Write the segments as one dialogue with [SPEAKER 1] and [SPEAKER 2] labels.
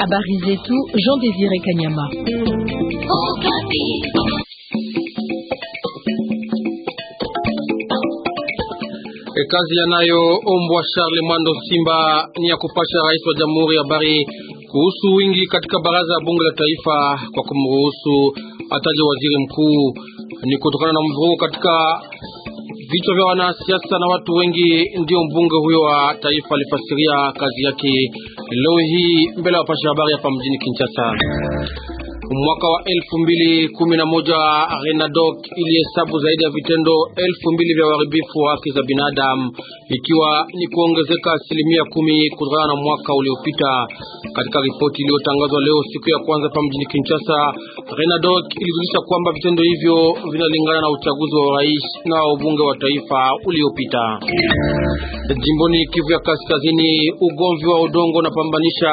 [SPEAKER 1] Habari zetu Jean Désiré Kanyama.
[SPEAKER 2] E, kazi yanayoombwa Charles Mwando Simba ni ya kupasha rais wa jamhuri habari kuhusu wingi katika baraza ya bunge la taifa kwa kumruhusu ataje waziri mkuu. Ni kutokana na mvurugo katika Vichwa vya wanasiasa na watu wengi ndio mbunge huyo wa taifa alifasiria kazi yake leo hii mbele ya wapasha habari hapa mjini Kinshasa. Mwaka wa elfu mbili kumi na moja Renadoc ilihesabu zaidi ya vitendo elfu mbili vya uharibifu wa haki za binadamu, ikiwa ni kuongezeka asilimia kumi kutokana na mwaka uliopita. Katika ripoti iliyotangazwa leo siku ya kwanza pa mjini Kinshasa, Renadoc ilijulisha kwamba vitendo hivyo vinalingana na uchaguzi wa urais na ubunge wa taifa uliopita. Jimboni Kivu ya Kaskazini, ugomvi wa udongo unapambanisha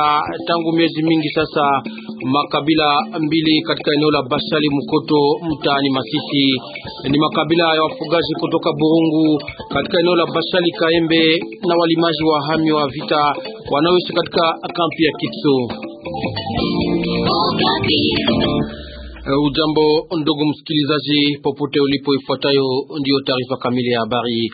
[SPEAKER 2] tangu miezi mingi sasa Makabila mbili katika eneo la Bashali Mukoto mtaani Masisi ni makabila ya wafugaji kutoka Burungu katika eneo la Bashali Kaembe na walimaji wa hami wa vita wanaoishi katika kampi ya Kitso. Eh, ujambo ndugu msikilizaji, popote ulipo, ifuatayo ndiyo taarifa kamili ya habari.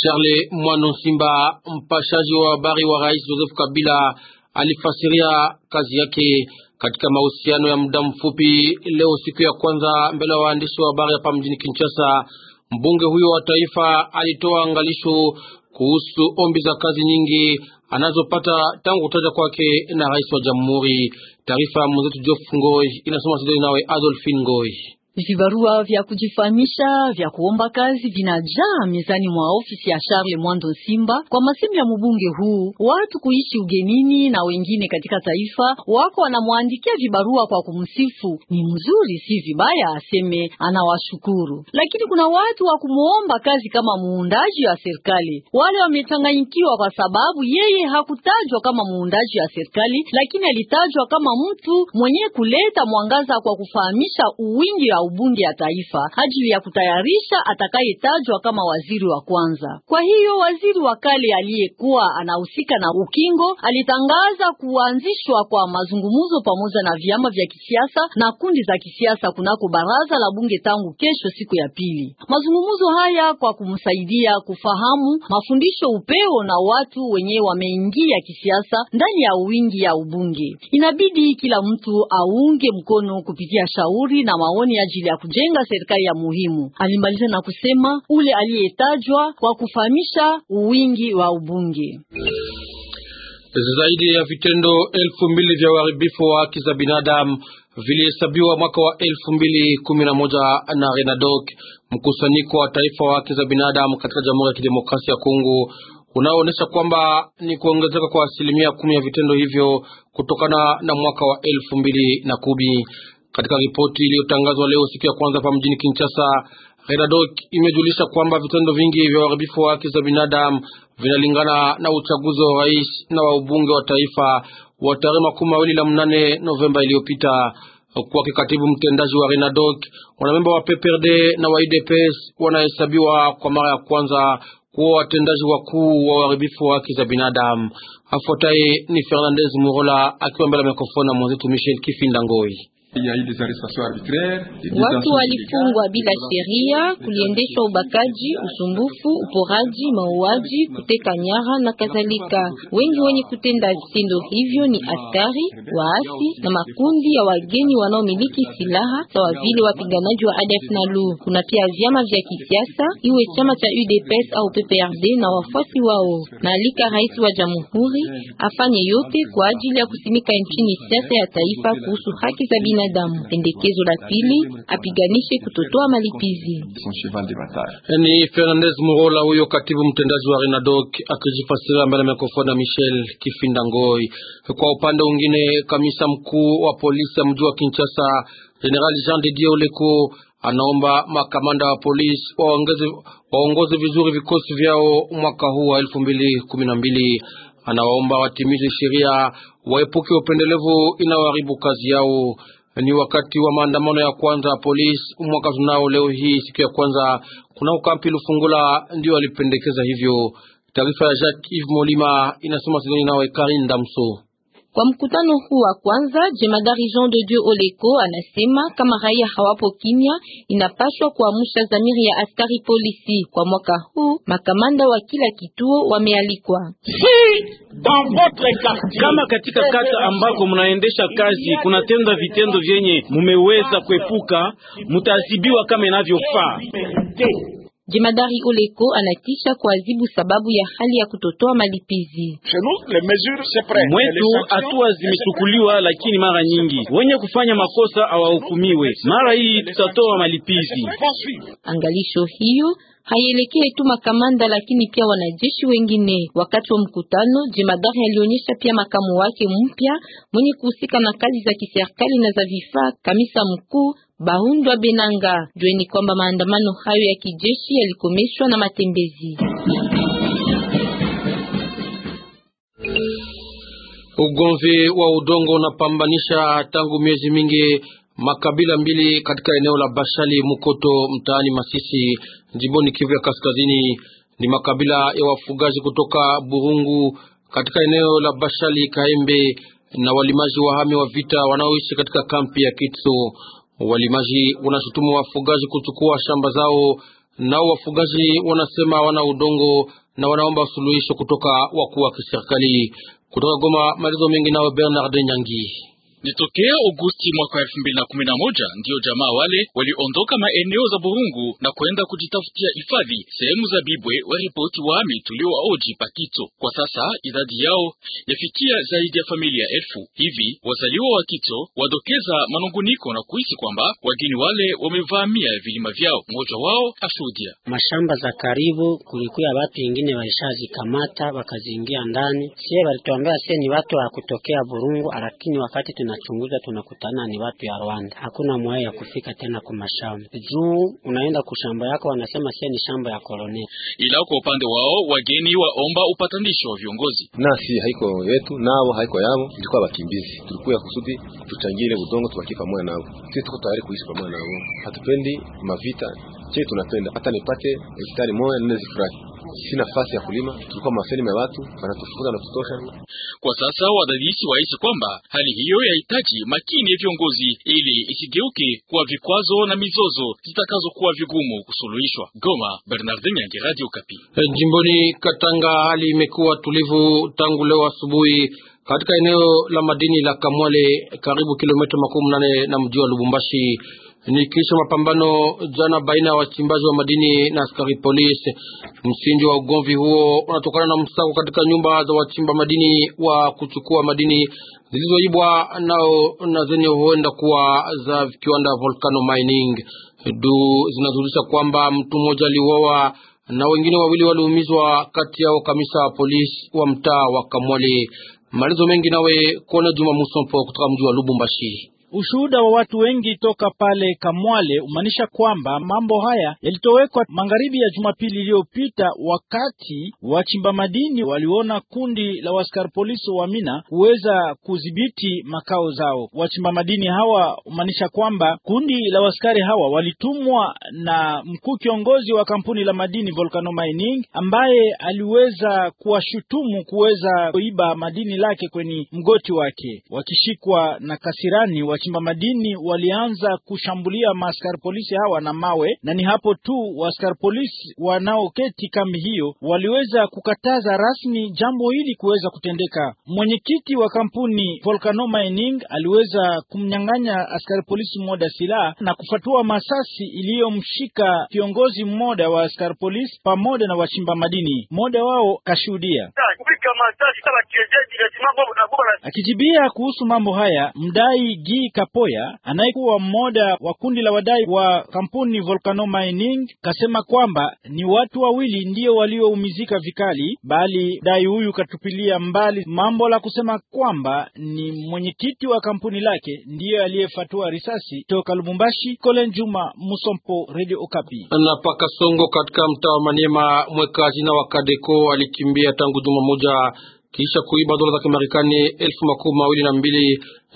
[SPEAKER 2] Charles Mwano Simba, mpashaji wa habari wa Rais Joseph Kabila, alifasiria kazi yake katika mahusiano ya muda mfupi leo siku ya kwanza mbele ya waandishi wa habari hapa mjini Kinshasa, mbunge huyo wa taifa alitoa angalisho kuhusu ombi za kazi nyingi anazopata tangu kutaja kwake na rais wa jamhuri. Taarifa mwenzetu Jof Ngoi inasoma Sidoni nawe Adolfin Ngoi.
[SPEAKER 3] Vibarua vya kujifahamisha vya kuomba kazi vinajaa mezani mwa ofisi ya Charles Mwando Simba kwa masimu ya mbunge huu. Watu kuishi ugenini na wengine katika taifa wako wanamwandikia vibarua kwa kumsifu. Ni mzuri, si vibaya, aseme anawashukuru, lakini kuna watu wa kumwomba kazi kama muundaji wa serikali. Wale wamechanganyikiwa kwa sababu yeye hakutajwa kama muundaji wa serikali, lakini alitajwa kama mtu mwenye kuleta mwangaza kwa kufahamisha uwingi wa ubunge ya taifa ajili ya kutayarisha atakayetajwa kama waziri wa kwanza. Kwa hiyo waziri wa kale aliyekuwa anahusika na ukingo alitangaza kuanzishwa kwa mazungumzo pamoja na vyama vya kisiasa na kundi za kisiasa kunako baraza la bunge tangu kesho, siku ya pili. Mazungumzo haya kwa kumsaidia kufahamu mafundisho upeo na watu wenye wameingia kisiasa ndani ya wingi ya ubunge, inabidi kila mtu aunge mkono kupitia shauri na maoni ya ajili ya kujenga serikali ya muhimu. Alimaliza na kusema ule aliyetajwa kwa kufahamisha uwingi wa ubunge
[SPEAKER 2] zaidi ya vitendo elfu mbili vya uharibifu wa haki za binadamu vilihesabiwa mwaka wa elfu mbili kumi na moja na Renadoc, mkusanyiko wa taifa wa haki za binadamu katika Jamhuri ya Kidemokrasia ya Kongo, unaoonyesha kwamba ni kuongezeka kwa asilimia kumi ya vitendo hivyo kutokana na mwaka wa elfu mbili na kumi. Katika ripoti iliyotangazwa leo siku ya kwanza hapa mjini Kinshasa, Redadoc imejulisha kwamba vitendo vingi vya uharibifu wa haki za binadamu vinalingana na uchaguzi wa rais na wa ubunge wa taifa wa tarehe makumi mawili na mnane Novemba iliyopita. Kwa kikatibu mtendaji wa Renadoc, wanamemba wa PPRD na wa IDPS wanahesabiwa kwa mara ya kwanza kuwa watendaji wakuu wa uharibifu wa haki za binadamu. Afuataye ni Fernandez Murola akiwa mbele ya mikrofoni na mwenzetu Michel Kifindangoi. Watu
[SPEAKER 1] walifungwa bila sheria, kuliendeshwa ubakaji, usumbufu, uporaji, mauaji, kuteka nyara na kadhalika. Wengi wenye kutenda vitendo hivyo ni askari, waasi na makundi ya wageni wanaomiliki silaha sawa vile wapiganaji wa ADF NALU. Kuna pia vyama vya kisiasa, iwe chama cha UDPS au PPRD na wafuasi wao. Naalika rais wa jamhuri afanye yote kwa ajili ya kusimika nchini siasa ya taifa kuhusu haki za binadamu binadamu. Pendekezo la pili, apiganishe kutotoa malipizi.
[SPEAKER 2] Ni Fernandez Murola, huyo katibu mtendaji wa Renadoc akijifasiria mbele ya mikrofoni ya Michel Kifinda Ngoi. Kwa upande mwingine, kamisa mkuu wa polisi ya mji wa Kinshasa General Jean de Dieu Leko anaomba makamanda wa polisi waongoze vizuri vikosi vyao mwaka huu wa elfu mbili kumi na mbili. Anawaomba watimize sheria, waepuke upendelevu inayoharibu kazi yao. Ni wakati wa maandamano ya kwanza polisi mwaka tunao leo hii siku ya kwanza kuna ukampi Lufungula, ndio alipendekeza hivyo. Taarifa ya Jacques Yves Molima inasoma Sidoni nawe karin damso
[SPEAKER 1] kwa mkutano huu wa kwanza, jemadari Jean de Dieu Oleko anasema kama raia hawapo kimya, inapaswa kuamsha dhamiri ya askari polisi. Kwa mwaka huu makamanda wa kila kituo wamealikwa.
[SPEAKER 4] Kama katika kata ambako mnaendesha kazi kunatenda vitendo vyenye mumeweza kuepuka, mutaadhibiwa kama inavyofaa.
[SPEAKER 1] Jemadari Oleko anatisha kuadhibu sababu ya hali ya kutotoa malipizi
[SPEAKER 4] mwetu. Hatua zimechukuliwa, lakini mara nyingi wenye kufanya makosa hawahukumiwe. Mara hii tutatoa malipizi.
[SPEAKER 1] Angalisho hiyo haielekee tu makamanda lakini pia wanajeshi wengine. Wakati wa mkutano, jemadari alionyesha pia makamu wake mpya mwenye kuhusika na kazi za kiserikali na za vifaa, kamisa mkuu Bahundwa Benanga. Jueni kwamba maandamano hayo ya kijeshi yalikomeshwa na matembezi.
[SPEAKER 2] Ugomvi wa udongo unapambanisha tangu miezi mingi makabila mbili katika eneo la Bashali Mukoto mtaani Masisi jimboni Kivu ya Kaskazini. Ni makabila ya wafugaji kutoka Burungu katika eneo la Bashali Kaembe na walimaji wahami wa vita wanaoishi katika kampi ya Kitso. Walimaji wanashutumu wafugaji kuchukua shamba zao, nao wafugaji wanasema wana udongo na wanaomba suluhisho kutoka wakuu wa kiserikali. Kutoka Goma, maelezo mengi nao Bernard Nyangi. Ni tokea Agosti mwaka
[SPEAKER 4] elfu mbili na kumi na moja ndiyo jamaa wale waliondoka maeneo za Burungu na kwenda kujitafutia hifadhi sehemu za Bibwe, waripoti wami tuliowaoji Pakito. Kwa sasa idadi yao yafikia zaidi ya familia elfu hivi. Wazaliwa wa Kito wadokeza manunguniko na kuhisi kwamba wageni wale wamevamia vilima vyao. Mmoja wao ashuhudia
[SPEAKER 3] mashamba za karibu, kulikuwa watu wengine walishazikamata wakaziingia ndani. Sie walituambia sie ni watu wa kutokea Burungu, lakini wakati tuna tunachunguza tunakutana ni watu ya Rwanda. Hakuna mwayo ya kufika tena kwa mashamba juu, unaenda kushamba yako wanasema sie ni shamba ya koloneli.
[SPEAKER 4] Ila kwa upande wao wageni waomba upatanisho wa viongozi,
[SPEAKER 3] nasi
[SPEAKER 2] haiko yetu nao haiko yao. ilikuwa wakimbizi, tulikuwa kusudi tuchangile udongo tubaki pamoja nao. Sisi tuko tayari kuishi pamoja nao, hatupendi mavita che tunapenda hata nipate hektari moja nne zifurahi si nafasi ya kulima, tulikuwa mafeni ya watu wanatufukuza na kutosha.
[SPEAKER 4] Kwa sasa wadadisi wahisi kwamba hali hiyo yahitaji makini ya viongozi ili isigeuke kwa vikwazo na mizozo zitakazokuwa vigumu kusuluhishwa. Goma, Bernard Nyange, Radio Kapi.
[SPEAKER 2] Eh, jimboni Katanga hali imekuwa tulivu tangu leo asubuhi katika eneo la madini la Kamwale karibu kilomita makumi nane na mji wa Lubumbashi ni kisha mapambano jana baina ya wachimbaji wa madini na askari polisi. Msingi wa ugomvi huo unatokana na msako katika nyumba za wachimba madini wa kuchukua madini zilizoibwa nao na zenye huenda kuwa za kiwanda Volcano Mining. Du zinazulisha kwamba mtu mmoja aliuawa na wengine wawili waliumizwa, kati yao kamisa wa polisi wa mtaa wa Kamwali. Malizo mengi nawe kuona Juma Musompo kutoka mji wa Lubumbashi.
[SPEAKER 4] Ushuhuda wa watu wengi toka pale Kamwale umaanisha kwamba mambo haya yalitowekwa magharibi ya Jumapili iliyopita, wakati wachimba madini waliona kundi la waskari polisi wa Mina kuweza kudhibiti makao zao. Wachimba madini hawa umaanisha kwamba kundi la waskari hawa walitumwa na mkuu kiongozi wa kampuni la madini Volcano Mining, ambaye aliweza kuwashutumu kuweza kuiba madini lake kwenye mgoti wake, wakishikwa na kasirani wa wachimba madini walianza kushambulia maaskari polisi hawa na mawe, na ni hapo tu askari polisi wanaoketi kambi hiyo waliweza kukataza rasmi jambo hili kuweza kutendeka. Mwenyekiti wa kampuni Volcano Mining aliweza kumnyang'anya askari polisi mmoja silaha na kufatua masasi iliyomshika kiongozi mmoja wa askari polisi pamoja na wachimba madini. Mmoja wao kashuhudia Akijibia kuhusu mambo haya, mdai Gi Kapoya anayekuwa mmoja wa kundi la wadai wa kampuni Volcano Mining kasema kwamba ni watu wawili ndio walioumizika vikali, bali mdai huyu katupilia mbali mambo la kusema kwamba ni mwenyekiti wa kampuni lake ndiyo aliyefatua risasi toka Lubumbashi. Kole Juma Musompo, Radio Okapi.
[SPEAKER 2] Na paka Songo katika mtaa wa Maniema, mwekazi na wakadeko alikimbia tangu juma moja kisha kuiba dola za Kimarekani elfu makumi mawili na mbili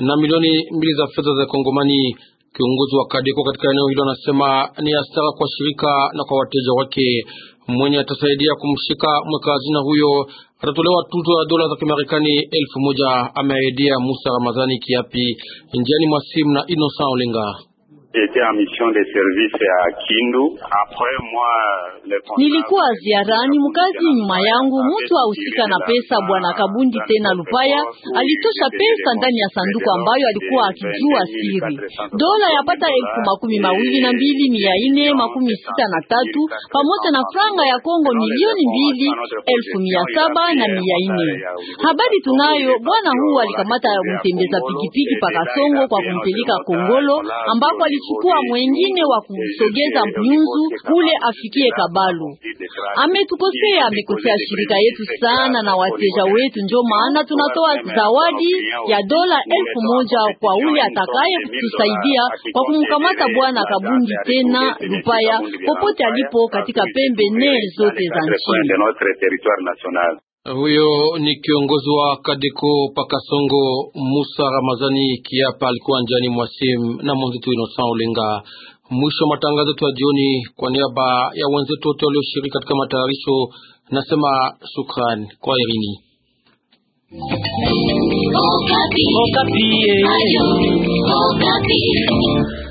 [SPEAKER 2] na milioni mbili za fedha za Kongomani. Kiongozi wa Kadeko katika eneo hilo anasema ni hasara kwa shirika na kwa wateja wake. Mwenye atasaidia kumshika mweka hazina huyo atatolewa tuzo ya dola za Kimarekani elfu moja. Ameahidia Musa Ramadhani Kiapi njiani mwa simu na Innocent Olinga était en mission de service à Kindu. Après moi,
[SPEAKER 3] nilikuwa ziarani mkazi nyuma yangu, mtu ahusika na pesa bwana Kabundi tena Lupaya alitosha pesa ndani ya sanduku ambayo alikuwa akijua siri, dola yapata elfu makumi mawili na mbili mia ine makumi sita na tatu pamoja na franga ya Kongo milioni mbili elfu mia saba na mia ine. Habari tunayo bwana huu alikamata mtembeza pikipiki pakasongo kwa kumpeleka Kongolo ambapo alichukua mwengine wa kumsogeza Myuzu kule afikie Kabalu. Ametukosea, amekosea shirika yetu sana na wateja wetu, ndio maana tunatoa zawadi ya dola elfu moja kwa ule atakaye kutusaidia kwa kumkamata bwana Kabundi tena Lupaya popote alipo katika pembe nne zote za nchi.
[SPEAKER 2] Huyo ni kiongozi wa Kadeko Pakasongo Musa Ramazani kiapa alikuwa njani mwasim na mwenzetu Inosan Olenga. Mwisho matangazo yetu ya jioni, kwa niaba ya wenzetu wote walioshiriki katika matayarisho, nasema shukran kwa irini
[SPEAKER 1] Okapi. Oh, Okapi. Oh, Ayo. Okapi.
[SPEAKER 4] Oh,